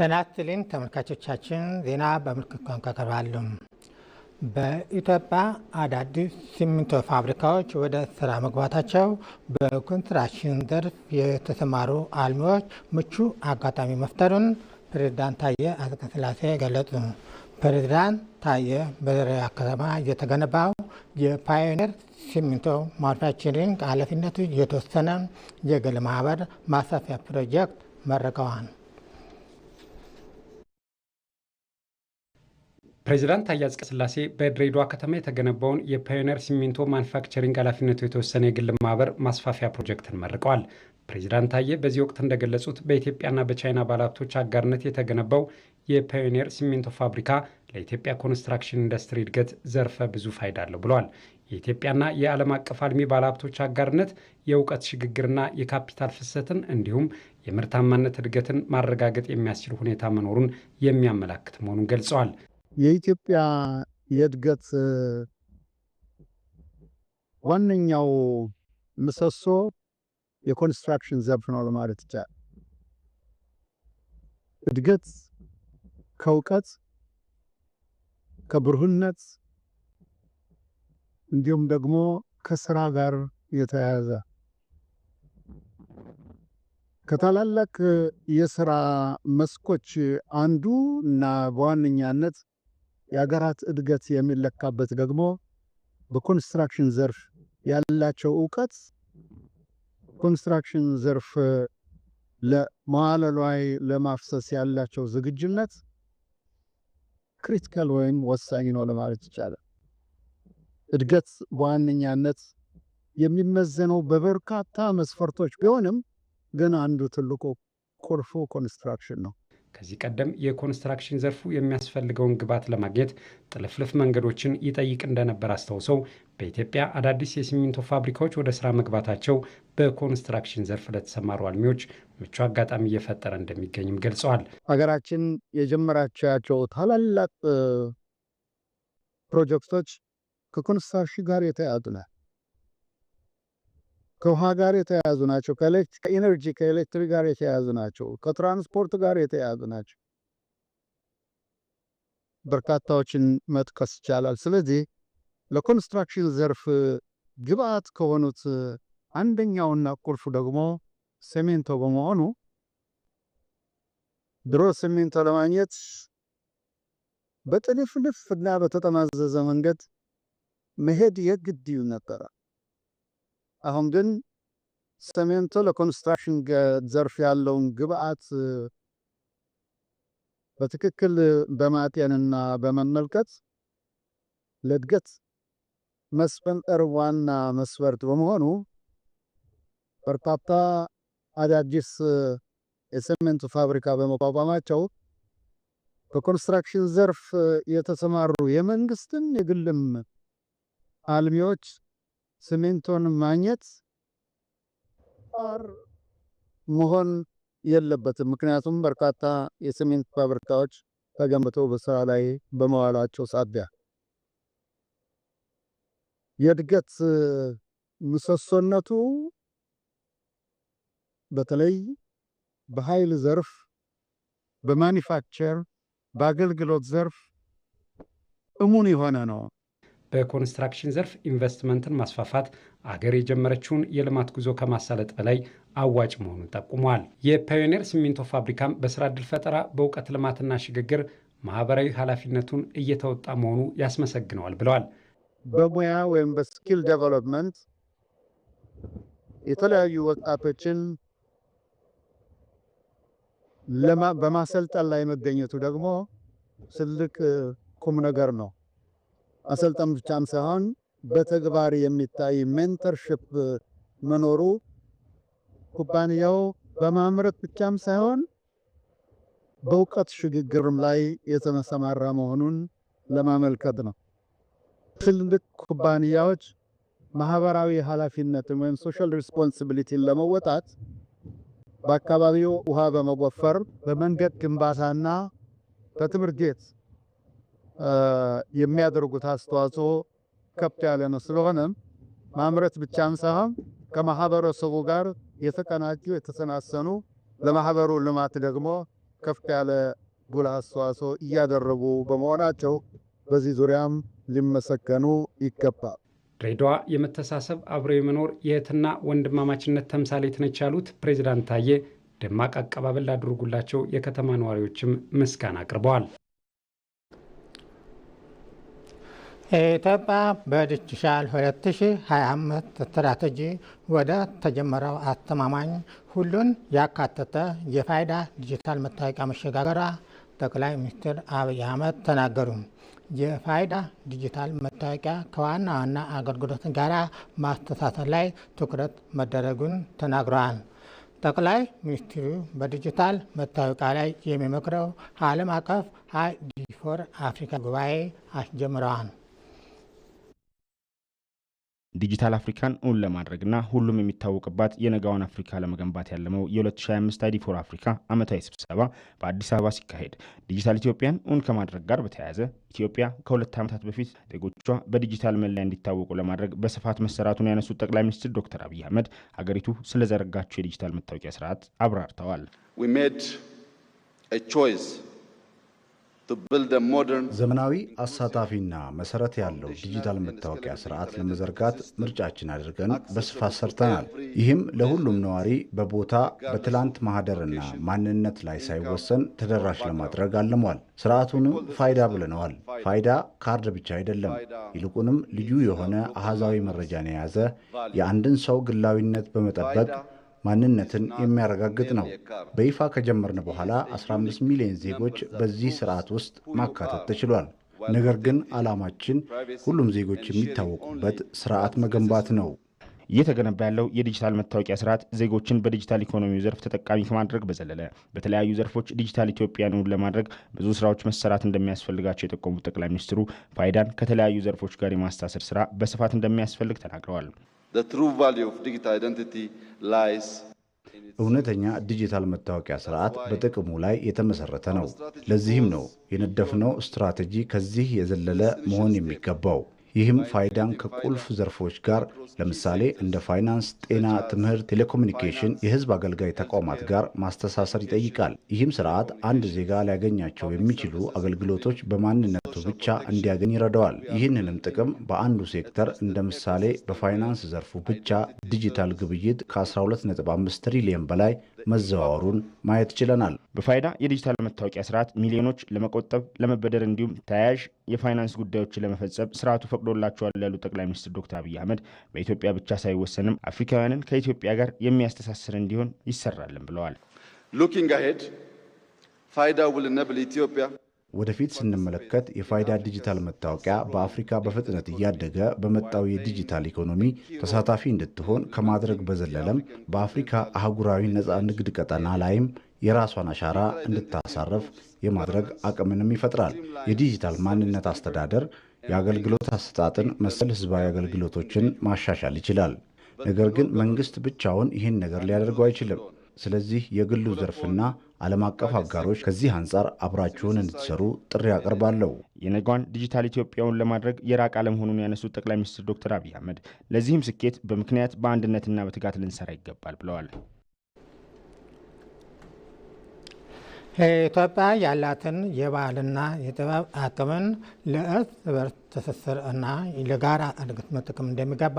ጤና ይስጥልኝ ተመልካቾቻችን፣ ዜና በምልክት ቋንቋ ቀርባሉ። በኢትዮጵያ አዳዲስ ሲሚንቶ ፋብሪካዎች ወደ ስራ መግባታቸው በኮንስትራክሽን ዘርፍ የተሰማሩ አልሚዎች ምቹ አጋጣሚ መፍጠሩን ፕሬዝዳንት ታዬ አጽቀሥላሴ ገለጹ። ፕሬዝዳንት ታዬ በዙሪያ ከተማ የተገነባው የፓዮኒር ሲሚንቶ ማኑፋክቸሪንግ ኃላፊነቱ የተወሰነ የግል ማህበር ማሳፊያ ፕሮጀክት መርቀዋል። ፕሬዚዳንት ታዬ አጽቀሥላሴ በድሬዳዋ ከተማ የተገነባውን የፓዮኒር ሲሚንቶ ማኑፋክቸሪንግ ኃላፊነቱ የተወሰነ የግል ማህበር ማስፋፊያ ፕሮጀክትን መርቀዋል። ፕሬዚዳንት ታዬ በዚህ ወቅት እንደገለጹት በኢትዮጵያና በቻይና ባለሀብቶች አጋርነት የተገነባው የፓዮኒር ሲሚንቶ ፋብሪካ ለኢትዮጵያ ኮንስትራክሽን ኢንዱስትሪ እድገት ዘርፈ ብዙ ፋይዳ አለው ብለዋል። የኢትዮጵያና የዓለም አቀፍ አልሚ ባለሀብቶች አጋርነት የእውቀት ሽግግርና የካፒታል ፍሰትን እንዲሁም የምርታማነት እድገትን ማረጋገጥ የሚያስችል ሁኔታ መኖሩን የሚያመላክት መሆኑን ገልጸዋል። የኢትዮጵያ የእድገት ዋነኛው ምሰሶ የኮንስትራክሽን ዘርፍ ነው ለማለት ይቻላል። እድገት ከእውቀት ከብሩህነት እንዲሁም ደግሞ ከስራ ጋር የተያያዘ ከታላላቅ የስራ መስኮች አንዱ እና በዋነኛነት የሀገራት እድገት የሚለካበት ደግሞ በኮንስትራክሽን ዘርፍ ያላቸው እውቀት ኮንስትራክሽን ዘርፍ ለመዋለ ንዋይ ለማፍሰስ ያላቸው ዝግጁነት ክሪቲካል ወይም ወሳኝ ነው ለማለት ይቻላል። እድገት በዋነኛነት የሚመዘነው በበርካታ መስፈርቶች ቢሆንም ግን አንዱ ትልቁ ቁልፉ ኮንስትራክሽን ነው። ከዚህ ቀደም የኮንስትራክሽን ዘርፉ የሚያስፈልገውን ግብዓት ለማግኘት ጥልፍልፍ መንገዶችን ይጠይቅ እንደነበር አስታውሰው በኢትዮጵያ አዳዲስ የሲሚንቶ ፋብሪካዎች ወደ ስራ መግባታቸው በኮንስትራክሽን ዘርፍ ለተሰማሩ አልሚዎች ምቹ አጋጣሚ እየፈጠረ እንደሚገኝም ገልጸዋል። ሀገራችን የጀመራቻቸው ታላላቅ ፕሮጀክቶች ከኮንስትራክሽን ጋር የተያያዙ ናቸው። ከውሃ ጋር የተያያዙ ናቸው። ከኤነርጂ ከኤሌክትሪክ ጋር የተያያዙ ናቸው። ከትራንስፖርት ጋር የተያያዙ ናቸው። በርካታዎችን መጥቀስ ይቻላል። ስለዚህ ለኮንስትራክሽን ዘርፍ ግብአት ከሆኑት አንደኛውና ቁልፉ ደግሞ ሲሚንቶ በመሆኑ ድሮ ሲሚንቶ ለማግኘት በጥልፍልፍ እና በተጠማዘዘ መንገድ መሄድ የግድ ይል አሁን ግን ሰሜንቶ ለኮንስትራክሽን ዘርፍ ያለውን ግብአት በትክክል በማጤንና በመመልከት ለእድገት መስፈንጠር ዋና መስፈርት በመሆኑ በርካታ አዳዲስ የሰሜንቱ ፋብሪካ በመቋቋማቸው በኮንስትራክሽን ዘርፍ የተሰማሩ የመንግስትን የግልም አልሚዎች ሲሚንቶን ማግኘት ር መሆን የለበትም። ምክንያቱም በርካታ የሲሚንቶ ፋብሪካዎች ተገንብተው በስራ ላይ በመዋላቸው ሳቢያ የእድገት ምሰሶነቱ በተለይ በኃይል ዘርፍ፣ በማኒፋክቸር፣ በአገልግሎት ዘርፍ እሙን የሆነ ነው። በኮንስትራክሽን ዘርፍ ኢንቨስትመንትን ማስፋፋት አገር የጀመረችውን የልማት ጉዞ ከማሳለጥ በላይ አዋጭ መሆኑን ጠቁመዋል። የፓዮኔር ሲሚንቶ ፋብሪካም በስራ ዕድል ፈጠራ፣ በእውቀት ልማትና ሽግግር ማህበራዊ ኃላፊነቱን እየተወጣ መሆኑ ያስመሰግነዋል ብለዋል። በሙያ ወይም በስኪል ዴቨሎፕመንት የተለያዩ ወጣቶችን በማሰልጠን ላይ መገኘቱ ደግሞ ትልቅ ቁም ነገር ነው። አሰልጣም ብቻም ሳይሆን በተግባር የሚታይ ሜንተርሽፕ መኖሩ ኩባንያው በማምረት ብቻም ሳይሆን በእውቀት ሽግግርም ላይ የተሰማራ መሆኑን ለማመልከት ነው። ትልልቅ ኩባንያዎች ማህበራዊ ኃላፊነትን ወይም ሶሻል ሪስፖንሲቢሊቲን ለመወጣት በአካባቢው ውሃ በመቆፈር በመንገድ ግንባታና በትምህርት ቤት የሚያደርጉት አስተዋጽኦ ከፍ ያለ ነው። ስለሆነም ማምረት ብቻን ሳይሆን ከማህበረሰቡ ጋር የተቀናጁ የተሰናሰኑ ለማህበሩ ልማት ደግሞ ከፍ ያለ ጉልህ አስተዋጽኦ እያደረጉ በመሆናቸው በዚህ ዙሪያም ሊመሰገኑ ይገባል። ድሬዳዋ የመተሳሰብ አብሮ የመኖር የእህትና ወንድማማችነት ተምሳሌት ነች ያሉት ፕሬዚዳንት ታዬ ደማቅ አቀባበል አድርጉላቸው የከተማ ነዋሪዎችም ምስጋና አቅርበዋል። ኢትዮጵያ በዲጂታል 2025 ስትራቴጂ ወደ ተጀመረው አስተማማኝ ሁሉን ያካተተ የፋይዳ ዲጂታል መታወቂያ መሸጋገሯ ጠቅላይ ሚኒስትር አብይ አህመድ ተናገሩ። የፋይዳ ዲጂታል መታወቂያ ከዋና ዋና አገልግሎት ጋር ማስተሳሰር ላይ ትኩረት መደረጉን ተናግረዋል። ጠቅላይ ሚኒስትሩ በዲጂታል መታወቂያ ላይ የሚመክረው ዓለም አቀፍ አይዲ ፎር አፍሪካ ጉባኤ አስጀምረዋል። ዲጂታል አፍሪካን እውን ለማድረግና ሁሉም የሚታወቅባት የነጋዋን አፍሪካ ለመገንባት ያለመው የ2025 አይዲ ፎር አፍሪካ ዓመታዊ ስብሰባ በአዲስ አበባ ሲካሄድ ዲጂታል ኢትዮጵያን እውን ከማድረግ ጋር በተያያዘ ኢትዮጵያ ከሁለት ዓመታት በፊት ዜጎቿ በዲጂታል መለያ እንዲታወቁ ለማድረግ በስፋት መሰራቱን ያነሱት ጠቅላይ ሚኒስትር ዶክተር አብይ አህመድ ሀገሪቱ ስለዘረጋቸው የዲጂታል መታወቂያ ስርዓት አብራርተዋል። ዘመናዊ አሳታፊና መሰረት ያለው ዲጂታል መታወቂያ ስርዓት ለመዘርጋት ምርጫችን አድርገን በስፋት ሰርተናል። ይህም ለሁሉም ነዋሪ በቦታ በትላንት ማህደርና ማንነት ላይ ሳይወሰን ተደራሽ ለማድረግ አልሟል። ስርዓቱንም ፋይዳ ብለነዋል። ፋይዳ ካርድ ብቻ አይደለም፣ ይልቁንም ልዩ የሆነ አሃዛዊ መረጃን የያዘ የአንድን ሰው ግላዊነት በመጠበቅ ማንነትን የሚያረጋግጥ ነው። በይፋ ከጀመርን በኋላ 15 ሚሊዮን ዜጎች በዚህ ስርዓት ውስጥ ማካተት ተችሏል። ነገር ግን ዓላማችን ሁሉም ዜጎች የሚታወቁበት ስርዓት መገንባት ነው። እየተገነባ ያለው የዲጂታል መታወቂያ ስርዓት ዜጎችን በዲጂታል ኢኮኖሚው ዘርፍ ተጠቃሚ ከማድረግ በዘለለ በተለያዩ ዘርፎች ዲጂታል ኢትዮጵያንን ለማድረግ ብዙ ስራዎች መሰራት እንደሚያስፈልጋቸው የጠቆሙት ጠቅላይ ሚኒስትሩ ፋይዳን ከተለያዩ ዘርፎች ጋር የማስታሰር ስራ በስፋት እንደሚያስፈልግ ተናግረዋል። እውነተኛ ዲጂታል መታወቂያ ስርዓት በጥቅሙ ላይ የተመሰረተ ነው። ለዚህም ነው የነደፍነው ስትራቴጂ ከዚህ የዘለለ መሆን የሚገባው። ይህም ፋይዳን ከቁልፍ ዘርፎች ጋር ለምሳሌ እንደ ፋይናንስ፣ ጤና፣ ትምህርት፣ ቴሌኮሙኒኬሽን፣ የህዝብ አገልጋይ ተቋማት ጋር ማስተሳሰር ይጠይቃል። ይህም ስርዓት አንድ ዜጋ ሊያገኛቸው የሚችሉ አገልግሎቶች በማንነት ብቻ እንዲያገኝ ይረዳዋል። ይህንንም ጥቅም በአንዱ ሴክተር እንደ ምሳሌ በፋይናንስ ዘርፉ ብቻ ዲጂታል ግብይት ከ12.5 ትሪሊየን በላይ መዘዋወሩን ማየት ችለናል። በፋይዳ የዲጂታል መታወቂያ ስርዓት ሚሊዮኖች ለመቆጠብ ለመበደር፣ እንዲሁም ተያያዥ የፋይናንስ ጉዳዮችን ለመፈጸም ስርዓቱ ፈቅዶላቸዋል ያሉ ጠቅላይ ሚኒስትር ዶክተር አብይ አህመድ በኢትዮጵያ ብቻ ሳይወሰንም አፍሪካውያንን ከኢትዮጵያ ጋር የሚያስተሳስር እንዲሆን ይሰራልን ብለዋል። ሉኪንግ አሄድ ፋይዳ ውል ኢትዮጵያ ወደፊት ስንመለከት የፋይዳ ዲጂታል መታወቂያ በአፍሪካ በፍጥነት እያደገ በመጣው የዲጂታል ኢኮኖሚ ተሳታፊ እንድትሆን ከማድረግ በዘለለም በአፍሪካ አህጉራዊ ነፃ ንግድ ቀጠና ላይም የራሷን አሻራ እንድታሳረፍ የማድረግ አቅምንም ይፈጥራል። የዲጂታል ማንነት አስተዳደር የአገልግሎት አሰጣጥን መሰል ህዝባዊ አገልግሎቶችን ማሻሻል ይችላል። ነገር ግን መንግስት ብቻውን ይህን ነገር ሊያደርገው አይችልም። ስለዚህ የግሉ ዘርፍና ዓለም አቀፍ አጋሮች ከዚህ አንጻር አብራችሁን እንድትሰሩ ጥሪ አቀርባለሁ። የነጓን ዲጂታል ኢትዮጵያውን ለማድረግ የራቅ አለመሆኑን ያነሱት ጠቅላይ ሚኒስትር ዶክተር አብይ አህመድ ለዚህም ስኬት በምክንያት በአንድነትና በትጋት ልንሰራ ይገባል ብለዋል። ኢትዮጵያ ያላትን የባህልና የጥበብ አቅምን ለእርስ በርስ ትስስር እና ለጋራ እድገት መጠቀም እንደሚገባ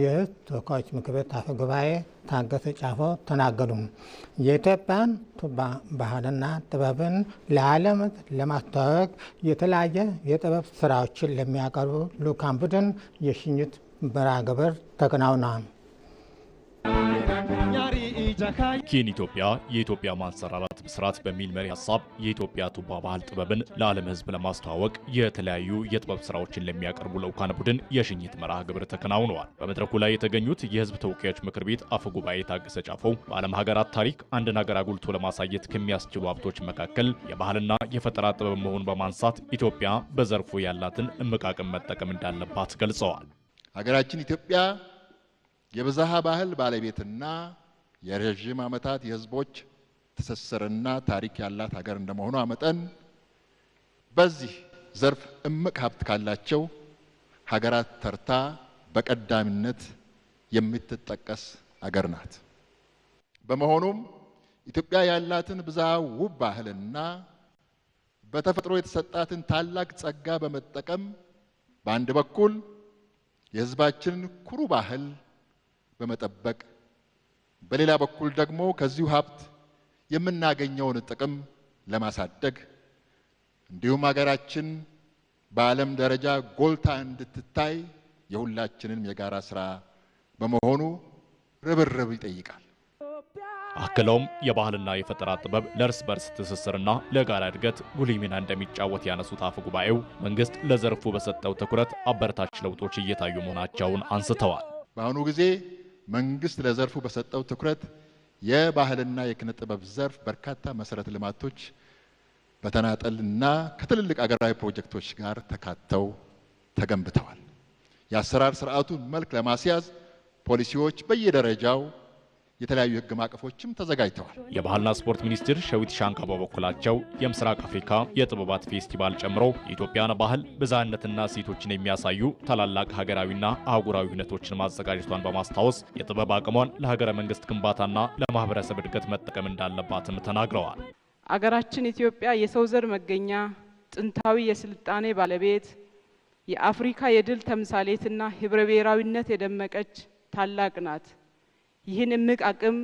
የሕዝብ ተወካዮች ምክር ቤት አፈ ጉባኤ ታገሰ ጫፎ ተናገሩ። የኢትዮጵያን ቱባ ባህልና ጥበብን ለዓለም ለማስተዋወቅ የተለያየ የጥበብ ስራዎችን ለሚያቀርቡ ልዑካን ቡድን የሽኝት መርሃ ግብር ተከናውኗል። ኪን ኢትዮጵያ የኢትዮጵያ ማንሰራራት ብስራት በሚል መሪ ሀሳብ የኢትዮጵያ ቱባ ባህል ጥበብን ለዓለም ሕዝብ ለማስተዋወቅ የተለያዩ የጥበብ ስራዎችን ለሚያቀርቡ ለውካን ቡድን የሽኝት መርሃ ግብር ተከናውነዋል። በመድረኩ ላይ የተገኙት የሕዝብ ተወካዮች ምክር ቤት አፈ ጉባኤ ታገሰ ጫፈው በዓለም ሀገራት ታሪክ አንድን ሀገር አጉልቶ ለማሳየት ከሚያስችሉ ሀብቶች መካከል የባህልና የፈጠራ ጥበብ መሆኑን በማንሳት ኢትዮጵያ በዘርፉ ያላትን እምቅ አቅም መጠቀም እንዳለባት ገልጸዋል። ሀገራችን ኢትዮጵያ የብዝሃ ባህል ባለቤትና የረዥም ዓመታት የህዝቦች ትስስርና ታሪክ ያላት ሀገር እንደመሆኗ መጠን በዚህ ዘርፍ እምቅ ሀብት ካላቸው ሀገራት ተርታ በቀዳሚነት የምትጠቀስ ሀገር ናት። በመሆኑም ኢትዮጵያ ያላትን ብዝሃ ውብ ባህልና በተፈጥሮ የተሰጣትን ታላቅ ጸጋ በመጠቀም በአንድ በኩል የህዝባችንን ኩሩ ባህል በመጠበቅ በሌላ በኩል ደግሞ ከዚሁ ሀብት የምናገኘውን ጥቅም ለማሳደግ እንዲሁም ሀገራችን በዓለም ደረጃ ጎልታ እንድትታይ የሁላችንም የጋራ ስራ በመሆኑ ርብርብ ይጠይቃል። አክለውም የባህልና የፈጠራ ጥበብ ለእርስ በርስ ትስስርና ለጋራ እድገት ጉልህ ሚና እንደሚጫወት ያነሱት አፈ ጉባኤው መንግስት ለዘርፉ በሰጠው ትኩረት አበረታች ለውጦች እየታዩ መሆናቸውን አንስተዋል። በአሁኑ ጊዜ መንግስት ለዘርፉ በሰጠው ትኩረት የባህልና የኪነ ጥበብ ዘርፍ በርካታ መሰረተ ልማቶች በተናጠልና ከትልልቅ አገራዊ ፕሮጀክቶች ጋር ተካተው ተገንብተዋል። የአሰራር ስርዓቱን መልክ ለማስያዝ ፖሊሲዎች በየደረጃው የተለያዩ ህግ ማቀፎችም ተዘጋጅተዋል። የባህልና ስፖርት ሚኒስትር ሸዊት ሻንካ በበኩላቸው የምስራቅ አፍሪካ የጥበባት ፌስቲቫል ጨምሮ የኢትዮጵያን ባህል ብዝሃነትና ሴቶችን የሚያሳዩ ታላላቅ ሀገራዊና አህጉራዊ ሁነቶችን ማዘጋጀቷን በማስታወስ የጥበብ አቅሟን ለሀገረ መንግስት ግንባታና ለማህበረሰብ እድገት መጠቀም እንዳለባትም ተናግረዋል። አገራችን ኢትዮጵያ የሰው ዘር መገኛ፣ ጥንታዊ የስልጣኔ ባለቤት፣ የአፍሪካ የድል ተምሳሌትና ህብረ ብሔራዊነት የደመቀች ታላቅ ናት። ይህን እምቅ አቅም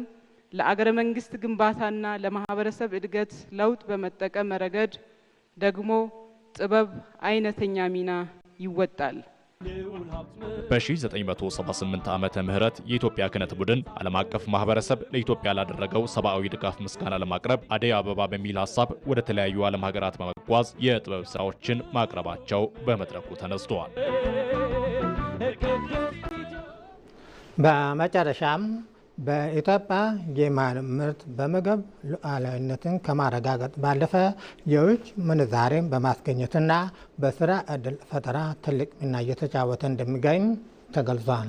ለአገረ መንግስት ግንባታና ለማህበረሰብ እድገት ለውጥ በመጠቀም ረገድ ደግሞ ጥበብ አይነተኛ ሚና ይወጣል። በ1978 ዓመተ ምህረት የኢትዮጵያ ክነት ቡድን ዓለም አቀፍ ማህበረሰብ ለኢትዮጵያ ላደረገው ሰብአዊ ድጋፍ ምስጋና ለማቅረብ አደይ አበባ በሚል ሀሳብ ወደ ተለያዩ ዓለም ሀገራት በመጓዝ የጥበብ ስራዎችን ማቅረባቸው በመድረኩ ተነስተዋል። በመጨረሻም በኢትዮጵያ የማር ምርት በምግብ ሉዓላዊነትን ከማረጋገጥ ባለፈ የውጭ ምንዛሬን በማስገኘትና በስራ እድል ፈጠራ ትልቅ ሚና እየተጫወተ እንደሚገኝ ተገልጿል።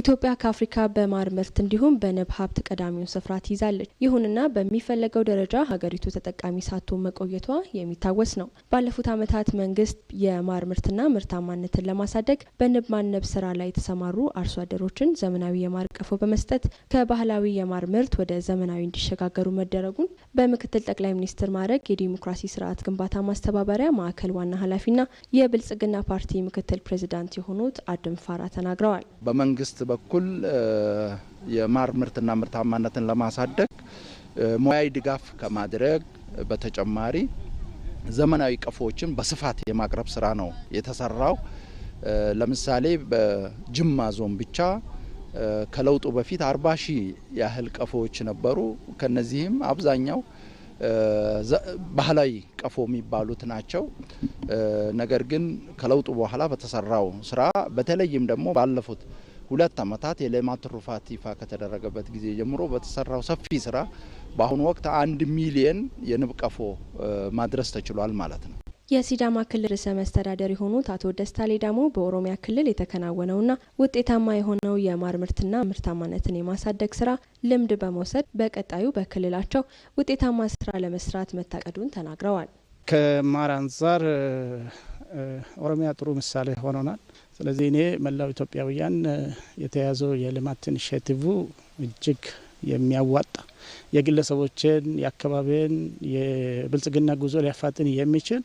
ኢትዮጵያ ከአፍሪካ በማር ምርት እንዲሁም በንብ ሀብት ቀዳሚውን ስፍራ ትይዛለች። ይሁንና በሚፈለገው ደረጃ ሀገሪቱ ተጠቃሚ ሳቶ መቆየቷ የሚታወስ ነው። ባለፉት ዓመታት መንግስት የማር ምርትና ምርታማነትን ለማሳደግ በንብ ማነብ ስራ ላይ የተሰማሩ አርሶ አደሮችን ዘመናዊ የማር ቀፎ በመስጠት ከባህላዊ የማር ምርት ወደ ዘመናዊ እንዲሸጋገሩ መደረጉን በምክትል ጠቅላይ ሚኒስትር ማዕረግ የዲሞክራሲ ስርዓት ግንባታ ማስተባበሪያ ማዕከል ዋና ኃላፊና የብልጽግና ፓርቲ ምክትል ፕሬዚዳንት የሆኑት አድም ፋራ ተናግረዋል። በመንግስት በኩል የማር ምርትና ምርታማነትን ለማሳደግ ሙያዊ ድጋፍ ከማድረግ በተጨማሪ ዘመናዊ ቀፎዎችን በስፋት የማቅረብ ስራ ነው የተሰራው። ለምሳሌ በጅማ ዞን ብቻ ከለውጡ በፊት አርባ ሺህ ያህል ቀፎዎች ነበሩ። ከነዚህም አብዛኛው ባህላዊ ቀፎ የሚባሉት ናቸው። ነገር ግን ከለውጡ በኋላ በተሰራው ስራ በተለይም ደግሞ ባለፉት ሁለት ዓመታት የሌማት ትሩፋት ይፋ ከተደረገበት ጊዜ ጀምሮ በተሰራው ሰፊ ስራ በአሁኑ ወቅት አንድ ሚሊየን የንብ ቀፎ ማድረስ ተችሏል ማለት ነው። የሲዳማ ክልል ርዕሰ መስተዳደር የሆኑት አቶ ደስታ ሌዳሞ በኦሮሚያ ክልል የተከናወነውና ውጤታማ የሆነው የማር ምርትና ምርታማነትን የማሳደግ ስራ ልምድ በመውሰድ በቀጣዩ በክልላቸው ውጤታማ ስራ ለመስራት መታቀዱን ተናግረዋል። ከማር አንጻር ኦሮሚያ ጥሩ ምሳሌ ሆኖናል። ስለዚህ እኔ መላው ኢትዮጵያውያን የተያዘው የልማት ኢኒሽቲቭ እጅግ የሚያዋጣ የግለሰቦችን፣ የአካባቢን የብልጽግና ጉዞ ሊያፋጥን የሚችል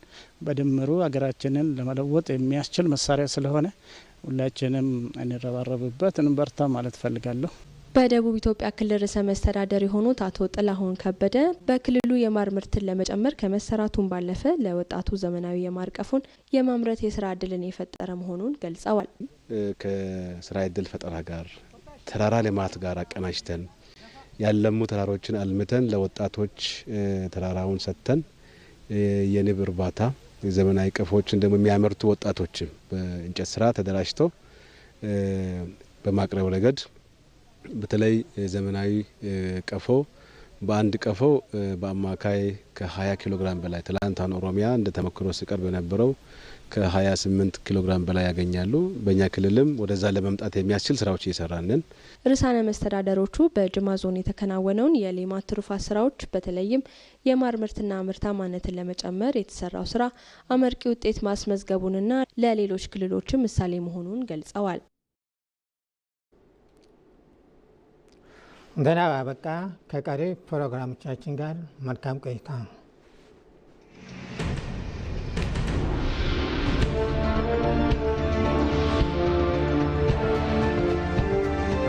በድምሩ ሀገራችንን ለመለወጥ የሚያስችል መሳሪያ ስለሆነ ሁላችንም እንረባረብበት፣ እንበርታ ማለት ፈልጋለሁ። በደቡብ ኢትዮጵያ ክልል ርዕሰ መስተዳደር የሆኑት አቶ ጥላሁን ከበደ በክልሉ የማር ምርትን ለመጨመር ከመሰራቱን ባለፈ ለወጣቱ ዘመናዊ የማር ቀፉን የማምረት የስራ እድልን የፈጠረ መሆኑን ገልጸዋል። ከስራ እድል ፈጠራ ጋር ተራራ ልማት ጋር አቀናጅተን ያለሙ ተራሮችን አልምተን ለወጣቶች ተራራውን ሰጥተን የንብ እርባታ የዘመናዊ ቀፎችን ደግሞ የሚያመርቱ ወጣቶችም በእንጨት ስራ ተደራጅተው በማቅረብ ረገድ በተለይ ዘመናዊ ቀፎ በአንድ ቀፎ በአማካይ ከ20 ኪሎ ግራም በላይ ትላንታን ኦሮሚያ እንደ ተሞክሮ ሲቀርብ የነበረው ከ28 ኪሎ ግራም በላይ ያገኛሉ። በእኛ ክልልም ወደዛ ለመምጣት የሚያስችል ስራዎች እየሰራንን ርዕሳነ መስተዳደሮቹ በጅማ ዞን የተከናወነውን የሌማት ትሩፋት ስራዎች በተለይም የማር ምርትና ምርታማነትን ለመጨመር የተሰራው ስራ አመርቂ ውጤት ማስመዝገቡንና ለሌሎች ክልሎችም ምሳሌ መሆኑን ገልጸዋል። ደህና በቃ ከቀሪ ፕሮግራሞቻችን ጋር መልካም ቆይታ